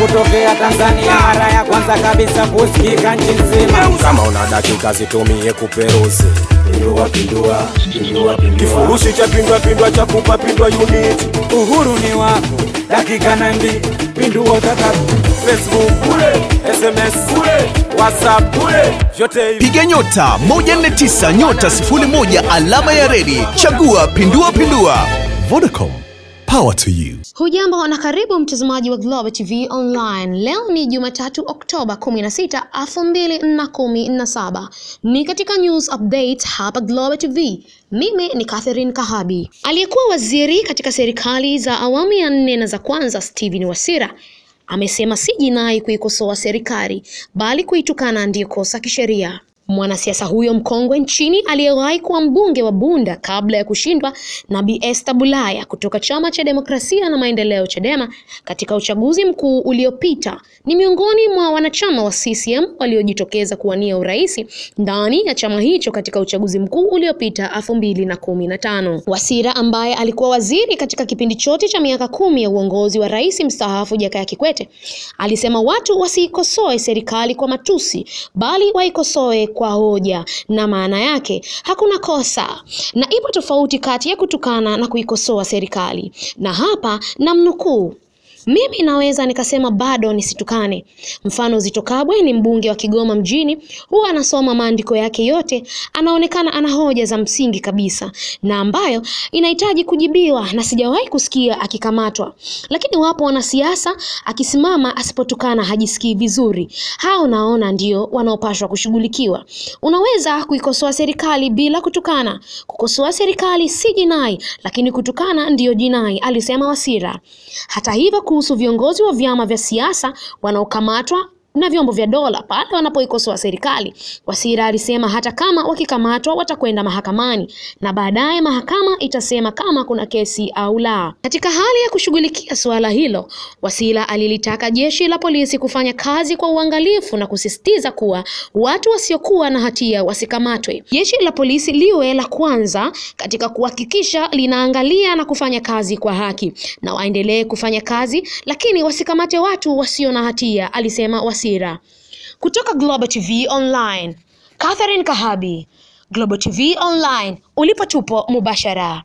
kutokea Tanzania mara ya kwanza kabisa kusikika nchi nzima. Kama una dakika zitumie kuperuzi pindua pindua pindua pindua, kifurushi cha pindua pindua cha kupa pindua unit. Uhuru ni wako, dakika na pindua utakapo. Facebook Ule. SMS Ule WhatsApp kule Piga nyota 149 nyota 01 alama ya redi, chagua pindua pindua. Vodacom Power to you. Hujambo na karibu mtazamaji wa Global TV Online. Leo ni Jumatatu Oktoba 16, 2017. Ni katika news update hapa Global TV. Mimi ni Catherine Kahabi. Aliyekuwa waziri katika serikali za awamu ya nne na za kwanza Steven Wasira amesema si jinai kuikosoa serikali bali kuitukana ndiyo kosa kisheria. Mwanasiasa huyo mkongwe nchini aliyewahi kuwa mbunge wa Bunda kabla ya kushindwa na Bi Esther Bulaya kutoka Chama cha Demokrasia na Maendeleo Chadema katika uchaguzi mkuu uliopita ni miongoni mwa wanachama wa CCM waliojitokeza kuwania urais ndani ya chama hicho katika uchaguzi mkuu uliopita elfu mbili na kumi na tano. Wasira ambaye alikuwa waziri katika kipindi chote cha miaka kumi ya uongozi wa rais mstaafu Jakaya Kikwete alisema watu wasiikosoe serikali kwa matusi bali waikosoe kwa hoja na maana yake hakuna kosa, na ipo tofauti kati ya kutukana na kuikosoa serikali. Na hapa namnukuu mimi naweza nikasema bado nisitukane. Mfano Zitto Kabwe ni mbunge wa Kigoma mjini, huwa anasoma maandiko yake yote, anaonekana ana hoja za msingi kabisa na ambayo inahitaji kujibiwa na sijawahi kusikia akikamatwa. Lakini wapo wanasiasa akisimama asipotukana hajisikii vizuri. Hao naona ndio wanaopashwa kushughulikiwa. Unaweza kuikosoa serikali bila kutukana. Kukosoa serikali si jinai, lakini kutukana ndiyo jinai, alisema Wasira. Hata hivyo kuhusu viongozi wa vyama vya siasa wanaokamatwa na vyombo vya dola pale wanapoikosoa serikali. Wasira alisema hata kama wakikamatwa watakwenda mahakamani na baadaye mahakama itasema kama kuna kesi au la. Katika hali ya kushughulikia suala hilo, Wasira alilitaka jeshi la polisi kufanya kazi kwa uangalifu na kusisitiza kuwa watu wasiokuwa na hatia wasikamatwe. Jeshi la polisi liwe la kwanza katika kuhakikisha linaangalia na kufanya kazi kwa haki na waendelee kufanya kazi, lakini wasikamate watu wasio na hatia, alisema Wasira. Wasira. Kutoka Global TV Online, Catherine Kahabi, Global TV Online, ulipo tupo mubashara.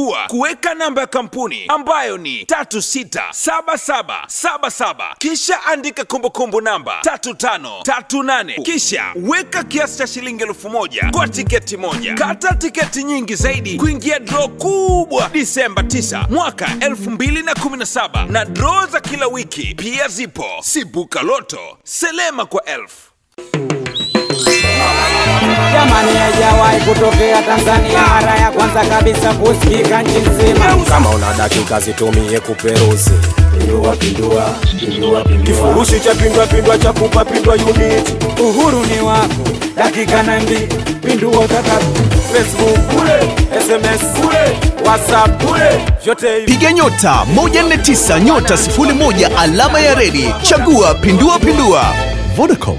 Chagua kuweka namba ya kampuni ambayo ni 367777 kisha andika kumbukumbu namba 3538 kisha weka kiasi cha shilingi 1000 kwa tiketi moja. Kata tiketi nyingi zaidi kuingia draw kubwa Disemba 9 mwaka 2017 na, na draw za kila wiki pia zipo. Sibuka Loto, selema kwa elfu. Jamani, haijawahi kutokea Tanzania, mara ya kwanza kabisa kusikika nchi nzima. Kama una dakika zitumie kuperuzi pindua pindua pindua pindua, kifurushi cha pindua pindua cha kupa pindua unit. Uhuru ni wako, dakika nambi pindua kaka. Facebook bure, SMS bure, WhatsApp piga nyota 149 nyota 01 alama ya redi, chagua pindua pindua. Vodacom.